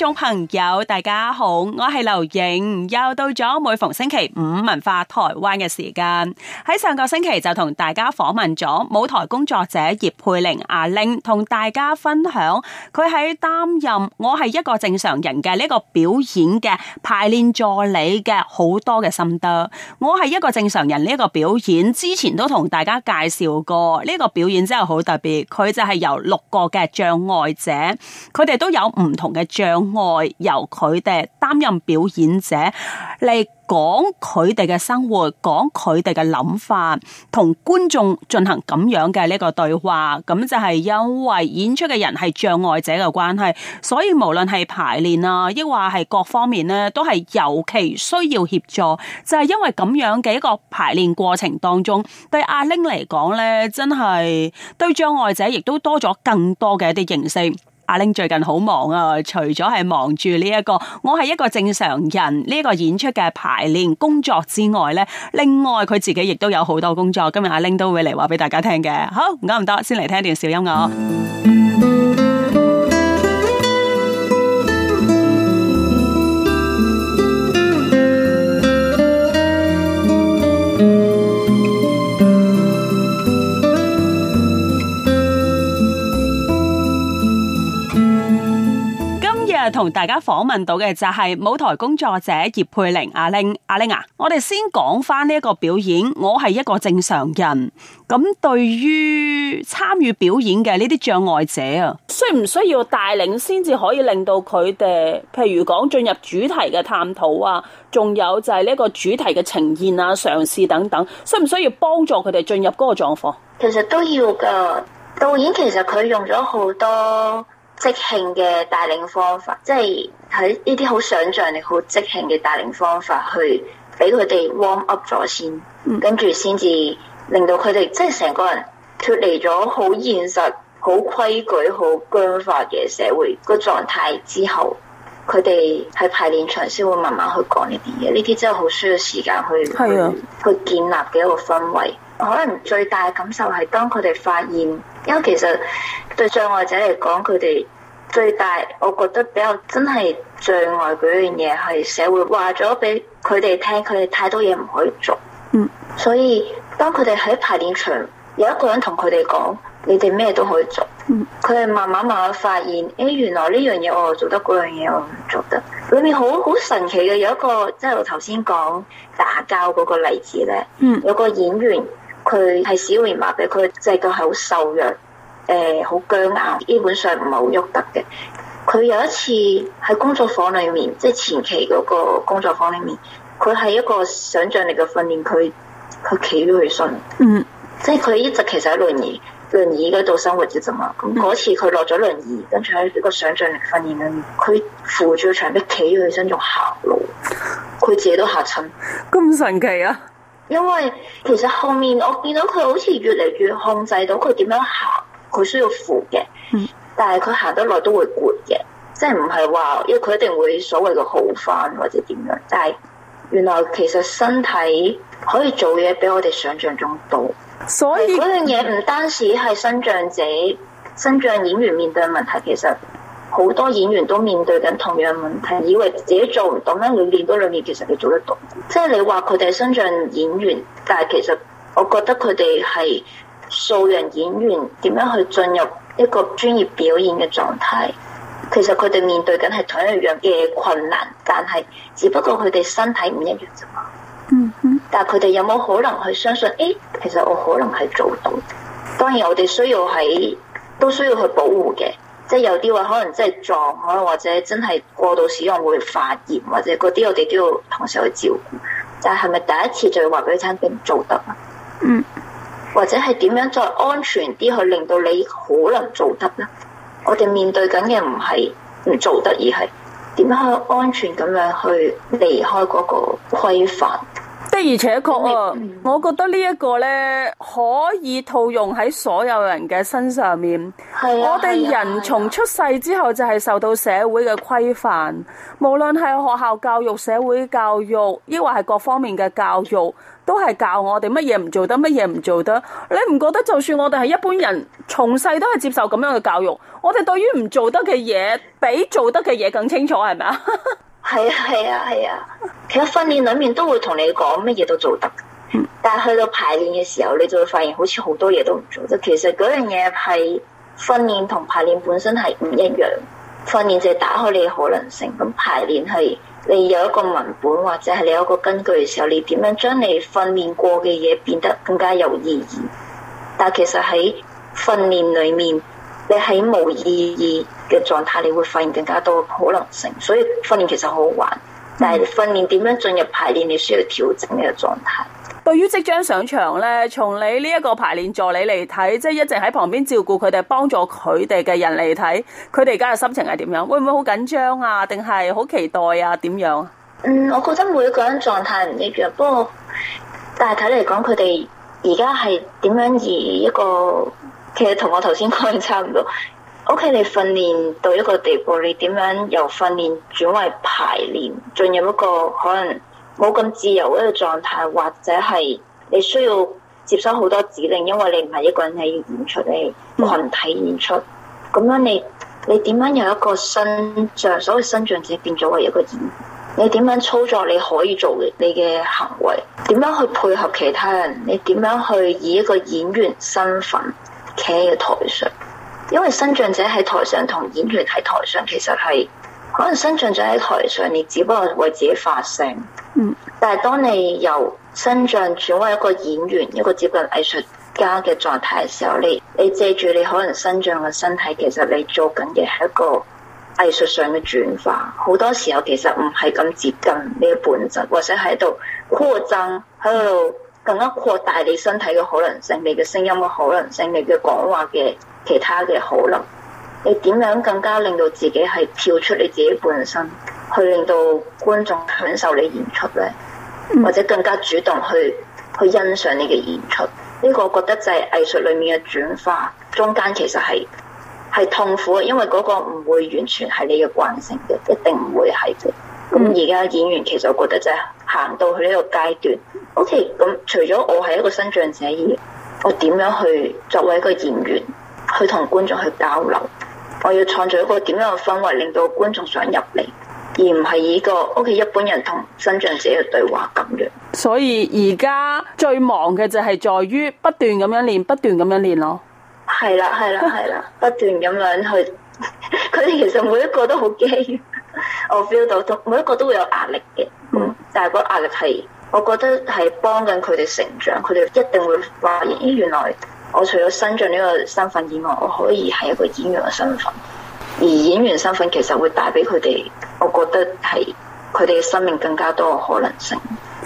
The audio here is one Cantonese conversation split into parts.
觀眾朋友，大家好，我係劉穎，又到咗每逢星期五文化台灣嘅時間。喺上個星期就同大家訪問咗舞台工作者葉佩玲阿玲，同大家分享佢喺擔任我係一個正常人嘅呢個表演嘅排練助理嘅好多嘅心得。我係一個正常人呢一個表演，之前都同大家介紹過呢個表演真係好特別。佢就係由六個嘅障礙者，佢哋都有唔同嘅障。外由佢哋擔任表演者嚟，講佢哋嘅生活，講佢哋嘅諗法，同觀眾進行咁樣嘅呢個對話。咁就係因為演出嘅人係障礙者嘅關係，所以無論係排練啊，亦或係各方面呢，都係尤其需要協助。就係因為咁樣嘅一個排練過程當中，對阿玲嚟講呢，真係對障礙者亦都多咗更多嘅一啲認識。阿玲最近好忙啊，除咗係忙住呢一個，我係一個正常人呢個演出嘅排練工作之外呢，另外佢自己亦都有好多工作。今日阿玲都會嚟話俾大家聽嘅。好，唔該唔多，先嚟聽段小音樂。同大家訪問到嘅就係舞台工作者葉佩玲。阿玲、阿玲啊，我哋先講翻呢一個表演，我係一個正常人。咁對於參與表演嘅呢啲障礙者啊，需唔需要帶領先至可以令到佢哋，譬如講進入主題嘅探討啊，仲有就係呢一個主題嘅呈現啊、嘗試等等，需唔需要幫助佢哋進入嗰個狀況？其實都要噶，導演其實佢用咗好多。即興嘅帶領方法，即係喺呢啲好想象力、好即興嘅帶領方法，去俾佢哋 warm up 咗先，跟住先至令到佢哋、嗯、即係成個人脫離咗好現實、好規矩、好僵化嘅社會個狀態之後，佢哋喺排練場先會慢慢去講呢啲嘢。呢啲真係好需要時間去的去，去建立嘅一個氛圍。可能最大嘅感受係當佢哋發現，因為其實對障礙者嚟講，佢哋最大我覺得比較真係障礙嗰樣嘢係社會話咗俾佢哋聽，佢哋太多嘢唔可以做。嗯，所以當佢哋喺排練場有一個人同佢哋講，你哋咩都可以做。嗯，佢哋慢慢慢慢發現，誒、哎，原來呢樣嘢我又做得，嗰樣嘢我唔做得。裏面好好神奇嘅有一個，即係我頭先講打交嗰個例子咧。嗯，有個演員。佢係小兒麻痺，佢隻腳係好瘦弱，誒、呃，好僵硬，基本上唔係好喐得嘅。佢有一次喺工作房裏面，即係前期嗰個工作房裏面，佢係一個想象力嘅訓練，佢佢企咗起身。嗯，即係佢一直其實喺輪椅，輪椅嗰度生活嘅啫嘛。咁嗰次佢落咗輪椅，跟住喺一個想象力訓練裏面，佢扶住牆壁企咗起身仲行路，佢自己都吓親，咁、嗯、神奇啊！因為其實後面我見到佢好似越嚟越控制到佢點樣行，佢需要扶嘅，但係佢行得耐都會攰嘅，即係唔係話，因為佢一定會所謂嘅好返或者點樣。但係原來其實身體可以做嘢，比我哋想象中多。所以嗰樣嘢唔單止係身障者、身障演員面對嘅問題，其實。好多演員都面對緊同樣問題，以為自己做唔到。翻兩年多兩年，其實你做得到。即係你話佢哋身障演員，但係其實我覺得佢哋係素人演員，點樣去進入一個專業表演嘅狀態？其實佢哋面對緊係同一樣嘅困難，但係只不過佢哋身體唔一樣啫嘛。嗯哼，但係佢哋有冇可能去相信？誒、欸，其實我可能係做到。當然，我哋需要喺都需要去保護嘅。即係有啲話可能真係撞咯，或者真係過度使用會發炎，或者嗰啲我哋都要同時去照顧。但係係咪第一次就要話俾佢聽做得啊？嗯，或者係點樣再安全啲去令到你可能做得咧？我哋面對緊嘅唔係唔做得而，而係點樣去安全咁樣去離開嗰個規範。而且確啊，我覺得呢一個咧可以套用喺所有人嘅身上面。啊、我哋人從出世之後就係受到社會嘅規範，無論係學校教育、社會教育，抑或係各方面嘅教育，都係教我哋乜嘢唔做得，乜嘢唔做得。你唔覺得就算我哋係一般人，從細都係接受咁樣嘅教育，我哋對於唔做得嘅嘢比做得嘅嘢更清楚，係咪啊？ 係啊係啊係啊，其實訓練裏面都會同你講乜嘢都做得，嗯、但係去到排練嘅時候，你就會發現好似好多嘢都唔做得。其實嗰樣嘢係訓練同排練本身係唔一樣，訓練就係打開你嘅可能性，咁排練係你有一個文本或者係你有一個根據嘅時候，你點樣將你訓練過嘅嘢變得更加有意義。但其實喺訓練裏面，你喺冇意義。嘅狀態，你會發現更加多可能性，所以訓練其實好好玩。但係訓練點樣進入排練，你需要調整你嘅狀態。對於即將上場咧，從你呢一個排練助理嚟睇，即係一直喺旁邊照顧佢哋、幫助佢哋嘅人嚟睇，佢哋而家嘅心情係點樣？會唔會好緊張啊？定係好期待啊？點樣？嗯，我覺得每一個人狀態唔一樣，不過大體嚟講，佢哋而家係點樣而一個，其實同我頭先講嘅差唔多。屋企，okay，你訓練到一個地步，你點樣由訓練轉為排練，進入一個可能冇咁自由嘅狀態，或者係你需要接收好多指令，因為你唔係一個人喺演出，你群體演出。咁、嗯、樣你你點樣由一個新像所謂新象者，變咗為一個演員，你點樣操作？你可以做嘅你嘅行為，點樣去配合其他人？你點樣去以一個演員身份企喺個台上？因為新像者喺台上同演員喺台上，其實係可能新像者喺台上，你只不過為自己發聲。嗯。但係當你由新像轉為一個演員，一個接近藝術家嘅狀態嘅時候，你你借住你可能新像嘅身體，其實你做緊嘅係一個藝術上嘅轉化。好多時候其實唔係咁接近你嘅本質，或者喺度擴張去。嗯更加擴大你身體嘅可能性，你嘅聲音嘅可能性，你嘅講話嘅其他嘅可能，你點樣更加令到自己係跳出你自己本身，去令到觀眾享受你演出呢？或者更加主動去去欣賞你嘅演出。呢個我覺得就係藝術裏面嘅轉化，中間其實係係痛苦，因為嗰個唔會完全係你嘅慣性嘅，一定唔會係嘅。咁而家演員其實我覺得真係。行到去呢個階段，O K，咁除咗我係一個身障者而，我點樣去作為一個演員去同觀眾去交流？我要創造一個點樣嘅氛圍，令到觀眾想入嚟，而唔係以個屋企、OK，一般人同身障者嘅對話咁樣。所以而家最忙嘅就係在於不斷咁樣練，不斷咁樣練咯。係啦，係啦，係啦， 不斷咁樣去。佢哋其實每一個都好驚，我 feel 到每一個都會有壓力嘅。但係個壓力係，我覺得係幫緊佢哋成長，佢哋一定會話：咦，原來我除咗身著呢個身份以外，我可以係一個演員嘅身份。而演員身份其實會帶俾佢哋，我覺得係佢哋嘅生命更加多嘅可能性。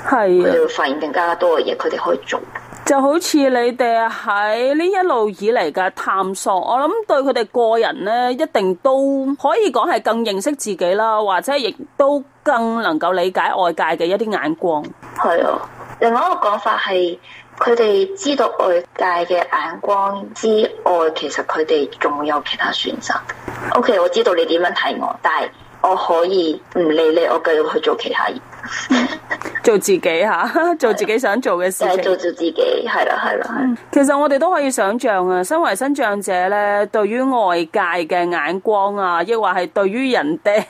係的，佢哋會發現更加多嘅嘢，佢哋可以做。就好似你哋喺呢一路以嚟嘅探索，我諗對佢哋個人咧，一定都可以講係更認識自己啦，或者亦都更能夠理解外界嘅一啲眼光。係啊，另外一個講法係，佢哋知道外界嘅眼光之外，其實佢哋仲會有其他選擇。OK，我知道你點樣睇我，但係我可以唔理你，我繼續去做其他嘢。 做自己吓、啊，做自己想做嘅事做做自己，係啦、啊，係啦、啊啊嗯，其實我哋都可以想象啊，身為新將者咧，對於外界嘅眼光啊，亦或係對於人哋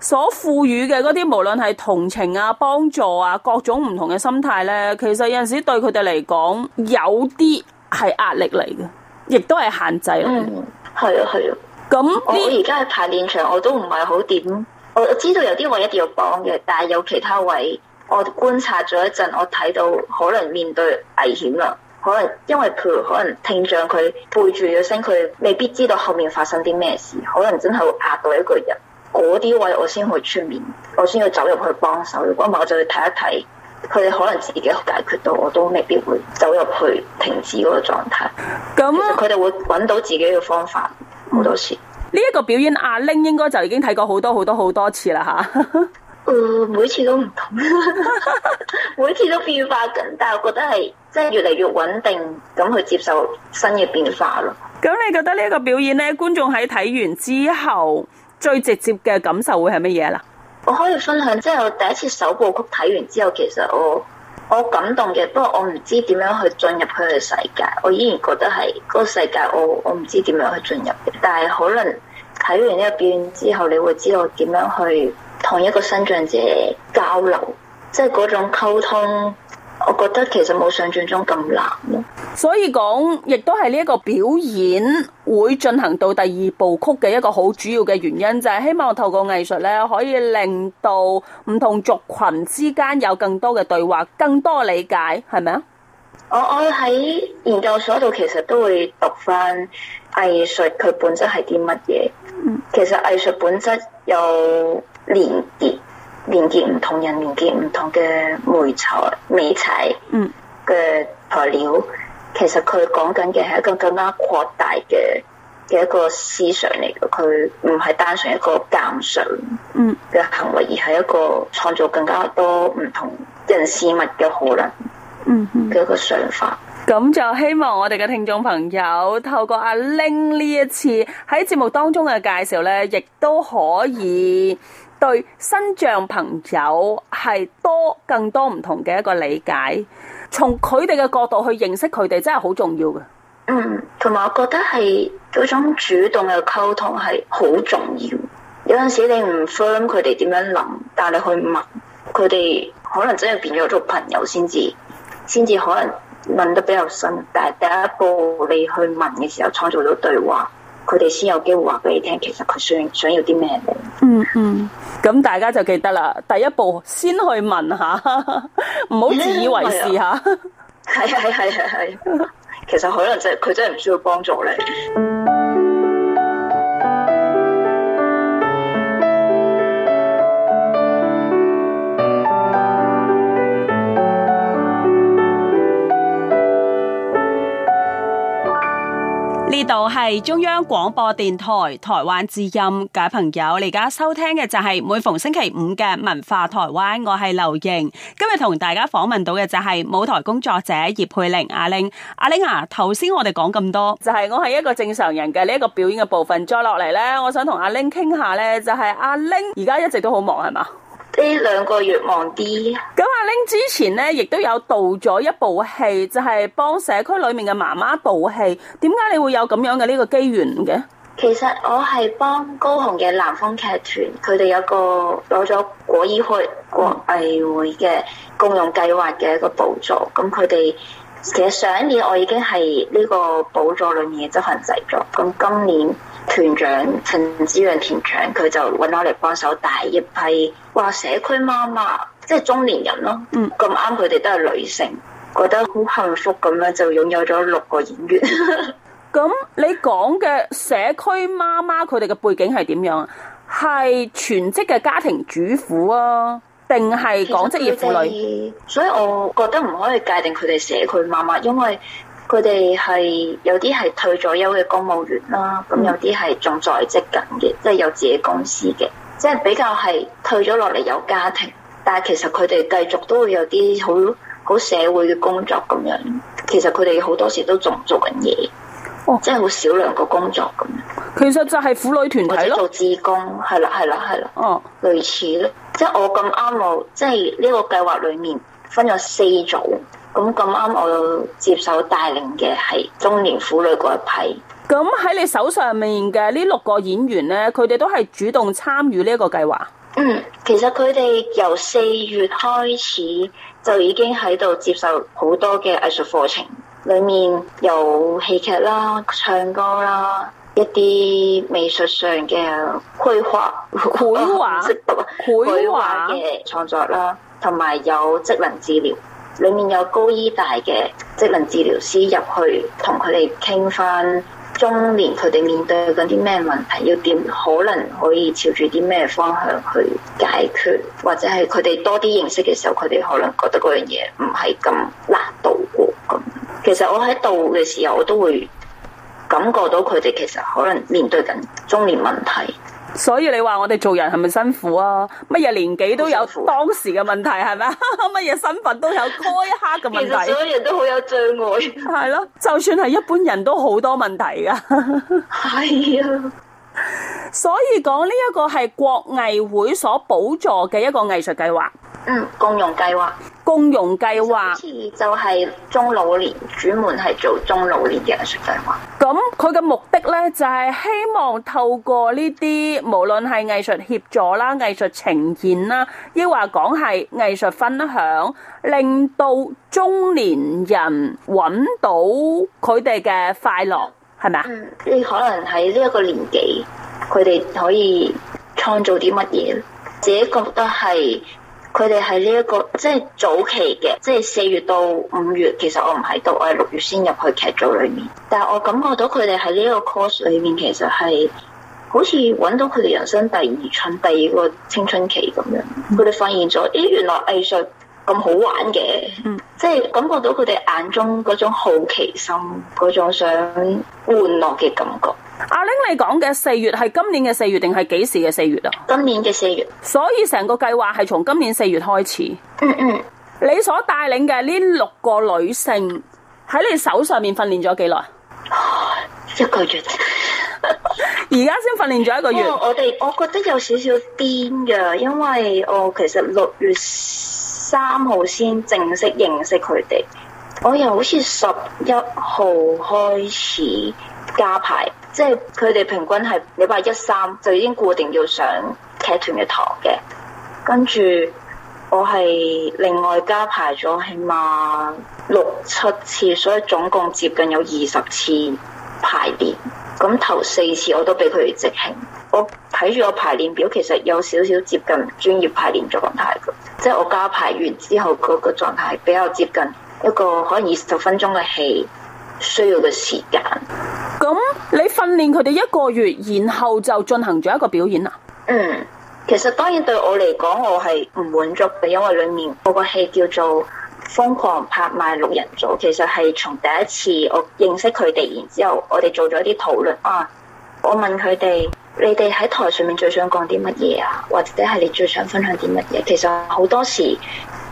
所賦予嘅嗰啲，無論係同情啊、幫助啊，各種唔同嘅心態咧，其實有陣時對佢哋嚟講，有啲係壓力嚟嘅，亦都係限制。嗯，係啊，係啊。咁那、嗯、我而家喺排練場，我都唔係好掂。我知道有啲位一定要幫嘅，但係有其他位，我觀察咗一陣，我睇到可能面對危險啦，可能因為譬如可能聽障佢背住嘅聲，佢未必知道後面發生啲咩事，可能真係會壓到一個人。嗰啲位我先會出面，我先要走入去幫手。如果唔係，我就去睇一睇，佢哋可能自己解決到我，我都未必會走入去停止嗰個狀態。咁、啊，其實佢哋會揾到自己嘅方法，好多時。呢一個表演，阿玲應該就已經睇過好多好多好多次啦吓，誒、 呃，每次都唔同， 每次都變化緊，但係我覺得係即係越嚟越穩定咁去接受新嘅變化咯。咁你覺得呢一個表演呢？觀眾喺睇完之後最直接嘅感受會係乜嘢啦？我可以分享，即係我第一次首部曲睇完之後，其實我我感動嘅，不過我唔知點樣去進入佢嘅世界。我依然覺得係嗰個世界，我我唔知點樣去進入，但係可能。睇完呢一變之後，你會知道點樣去同一個身障者交流，即係嗰種溝通。我覺得其實冇想象中咁難咯。所以講，亦都係呢一個表演會進行到第二部曲嘅一個好主要嘅原因，就係、是、希望透過藝術咧，可以令到唔同族群之間有更多嘅對話，更多理解，係咪啊？我我喺研究所度，其實都會讀翻藝術佢本質係啲乜嘢。嗯，其實藝術本質有連結，連接唔同人，連結唔同嘅媒材、美材，嗯嘅材料。嗯，其實佢講緊嘅係一個更加擴大嘅嘅一個思想嚟嘅，佢唔係單純一個鑑賞，嗯嘅行為，而係一個創造更加多唔同人事物嘅可能。嗯，嘅一個想法，咁就希望我哋嘅聽眾朋友透過阿玲呢一次喺節目當中嘅介紹咧，亦都可以對新象朋友係多更多唔同嘅一個理解，從佢哋嘅角度去認識佢哋，真係好重要嘅。嗯，同埋我覺得係嗰種主動嘅溝通係好重要，有陣時你唔 firm 佢哋點樣諗，但係你去問佢哋，可能真係變咗做朋友先至。先至可能問得比較深，但係第一步你去問嘅時候，創造到對話，佢哋先有機會話俾你聽，其實佢想想要啲咩嘅。嗯嗯，咁大家就記得啦，第一步先去問下，唔好 自以為是嚇。係係係係係，其實可能、就係、真係佢真係唔需要幫助你。呢度係中央廣播電台台灣之音，各位朋友，你而家收聽嘅就係每逢星期五嘅文化台灣，我係劉瑩。今日同大家訪問到嘅就係舞台工作者葉佩玲。阿玲阿玲啊，頭先我哋講咁多，就係我係一個正常人嘅呢一個表演嘅部分。再落嚟呢，我想同阿玲傾下呢，就係、是、阿玲而家一直都好忙係嘛。呢兩個月忙啲。咁阿玲之前咧，亦都有導咗一部戲，就係幫社區裏面嘅媽媽導戲。點解你會有咁樣嘅呢個機緣嘅？其實我係幫高雄嘅南方劇團，佢哋有個攞咗果醫會國藝會嘅共用計劃嘅一個補助。咁佢哋其實上一年我已經係呢個補助裏面嘅執行製作。咁今年。團長陳志亮團長佢就揾我嚟幫手大一批，話社區媽媽，即係中年人咯。咁啱佢哋都係女性，覺得好幸福咁樣就擁有咗六個演員。咁 嗯，你講嘅社區媽媽佢哋嘅背景係點樣啊？係全職嘅家庭主婦啊，定係講職業婦女？所以我覺得唔可以界定佢哋社區媽媽，因為。佢哋係有啲係退咗休嘅公務員啦，咁有啲係仲在職緊嘅，即係有自己公司嘅，即係比較係退咗落嚟有家庭，但係其實佢哋繼續都會有啲好好社會嘅工作咁樣。其實佢哋好多時都仲做緊嘢，哦，即係好少量嘅工作咁樣。其實就係婦女團體咯，做志工，係啦，係啦，係啦，啦，哦，類似咯。即係我咁啱我，即係呢個計劃裏面分咗四組。咁咁啱，我接受帶領嘅係中年婦女嗰一批。咁喺你手上面嘅呢六個演員呢，佢哋都係主動參與呢一個計劃。嗯，其實佢哋由四月開始就已經喺度接受好多嘅藝術課程，裏面有戲劇啦、唱歌啦、一啲美術上嘅繪畫、繪畫畫、繪畫嘅創作啦，同埋畫有職能治療。裏面有高醫大嘅職能治療師入去同佢哋傾翻中年，佢哋面對緊啲咩問題，要點可能可以朝住啲咩方向去解決，或者係佢哋多啲認識嘅時候，佢哋可能覺得嗰樣嘢唔係咁難度過咁。其實我喺度嘅時候，我都會感覺到佢哋其實可能面對緊中年問題。所以你話我哋做人係咪辛苦啊？乜嘢年紀都有當時嘅問題係咪啊？乜嘢身份都有嗰一刻嘅問題。辛 問題 其實所有人都好有障礙。係 咯，就算係一般人都好多問題噶。係 啊，所以講呢一個係國藝會所補助嘅一個藝術計劃。嗯，共融計劃。共融計劃就係中老年專門，係做中老年嘅藝術計劃。咁佢嘅目的咧，就係、是，希望透過呢啲無論係藝術協助啦、藝術呈現啦，抑或講係藝術分享，令到中年人揾到佢哋嘅快樂，係咪啊？嗯，你可能喺呢一個年紀，佢哋可以創造啲乜嘢？自己覺得係。佢哋喺呢一個即係早期嘅，即係四月到五月，其實我唔喺度，我係六月先入去劇組裏面。但係我感覺到佢哋喺呢個 course 裏面，其實係好似揾到佢哋人生第二春、第二個青春期咁樣。佢哋發現咗，咦、欸，原來藝術咁好玩嘅。嗯。即係感覺到佢哋眼中嗰種好奇心，嗰種想玩樂嘅感覺。阿玲，你講嘅四月係今年嘅四月，定係幾時嘅四月啊？今年嘅四月。所以成個計劃係從今年四月開始。嗯嗯。你所帶領嘅呢六個女性喺你手上面訓練咗幾耐？一個月。而家先訓練咗一個月。哦，我哋我覺得有少少癲㗎，因為我其實六月。三號先正式認識佢哋，我又好似十一號開始加排，即係佢哋平均係禮拜一三就已經固定要上劇團嘅堂嘅，跟住我係另外加排咗起碼六七次，所以總共接近有二十次排練。咁頭四次我都俾佢哋直行，我睇住個排練表，其實有少少接近專業排練狀態即係我加排完之後，嗰個狀態比較接近一個可能二十分鐘嘅戲需要嘅時間。咁你訓練佢哋一個月，然後就進行咗一個表演啊？嗯，其實當然對我嚟講，我係唔滿足嘅，因為裏面個戲叫做《瘋狂拍賣六人組》，其實係從第一次我認識佢哋，然之後我哋做咗一啲討論啊，我問佢哋。你哋喺台上面最想講啲乜嘢啊？或者係你最想分享啲乜嘢？其實好多時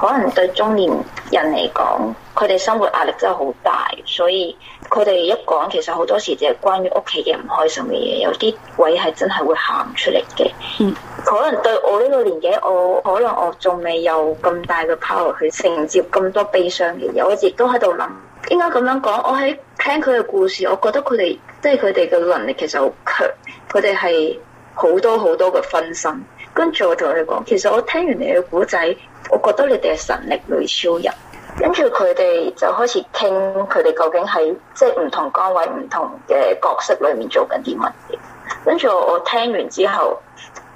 可能對中年人嚟講，佢哋生活壓力真係好大，所以佢哋一講，其實好多時就係關於屋企嘅唔開心嘅嘢。有啲位係真係會喊出嚟嘅。嗯。可能對我呢個年紀，我可能我仲未有咁大嘅 power 去承接咁多悲傷嘅嘢。我亦都喺度諗，應該咁樣講。我喺聽佢嘅故事，我覺得佢哋。即係佢哋嘅能力其實好強，佢哋係好多好多嘅分身。跟住我同佢講，其實我聽完你嘅故仔，我覺得你哋係神力女超人。跟住佢哋就開始傾，佢哋究竟喺即係唔同崗位、唔同嘅角色裏面做緊啲乜嘢？跟住我聽完之後，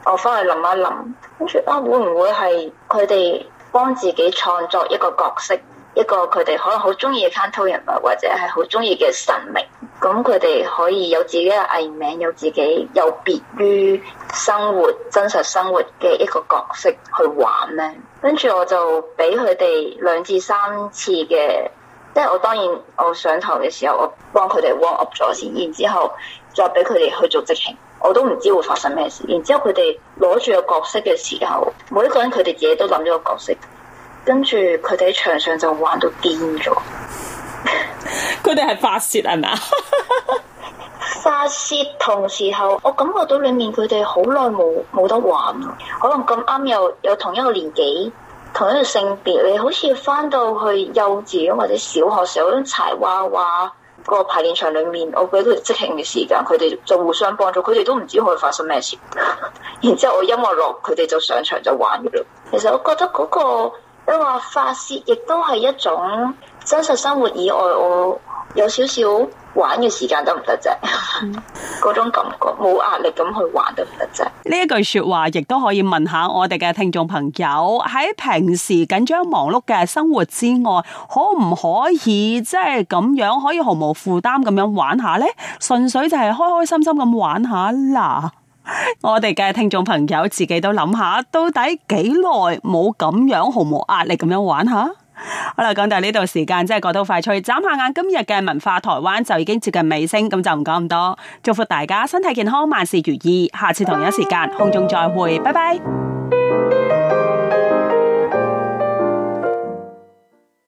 我翻去諗一諗，跟住啊，會唔會係佢哋幫自己創作一個角色，一個佢哋可能好中意嘅卡通人物，或者係好中意嘅神明？咁佢哋可以有自己嘅藝名，有自己有別於生活真實生活嘅一個角色去玩咩？跟住我就俾佢哋兩至三次嘅，即係我當然我上台嘅時候，我幫佢哋 warm up 咗先，然之後再俾佢哋去做即興。我都唔知會發生咩事。然之後佢哋攞住個角色嘅時候，每一個人佢哋自己都諗咗個角色，跟住佢哋喺場上就玩到癲咗。佢哋係發洩係咪啊？ 發泄同時候，我感覺到裏面佢哋好耐冇冇得玩，可能咁啱又有同一個年紀，同一個性別，你好似翻到去幼稚園或者小學時候啲柴娃娃，嗰個排練場裏面，我俾佢即興嘅時間，佢哋就互相幫助，佢哋都唔知可以發生咩事，然之後我音樂落，佢哋就上場就玩噶。其實我覺得嗰、嗰個因為發泄亦都係一種真實生活以外，我有少少。玩嘅時間都唔得啫，嗰、嗯、種感覺冇壓力咁去玩都唔得啫。呢一句說話亦都可以問下我哋嘅聽眾朋友，喺平時緊張忙碌嘅生活之外，可唔可以即係咁樣可以毫無負擔咁樣玩下呢？純粹就係開開心心咁玩下啦。我哋嘅聽眾朋友自己都諗下，到底幾耐冇咁樣毫無壓力咁樣玩下？好啦，講到呢度時間，真係過到快脆，眨下眼今日嘅文化台灣就已經接近尾聲，咁就唔講咁多。祝福大家身體健康，萬事如意。下次同一時間空中再會，拜拜。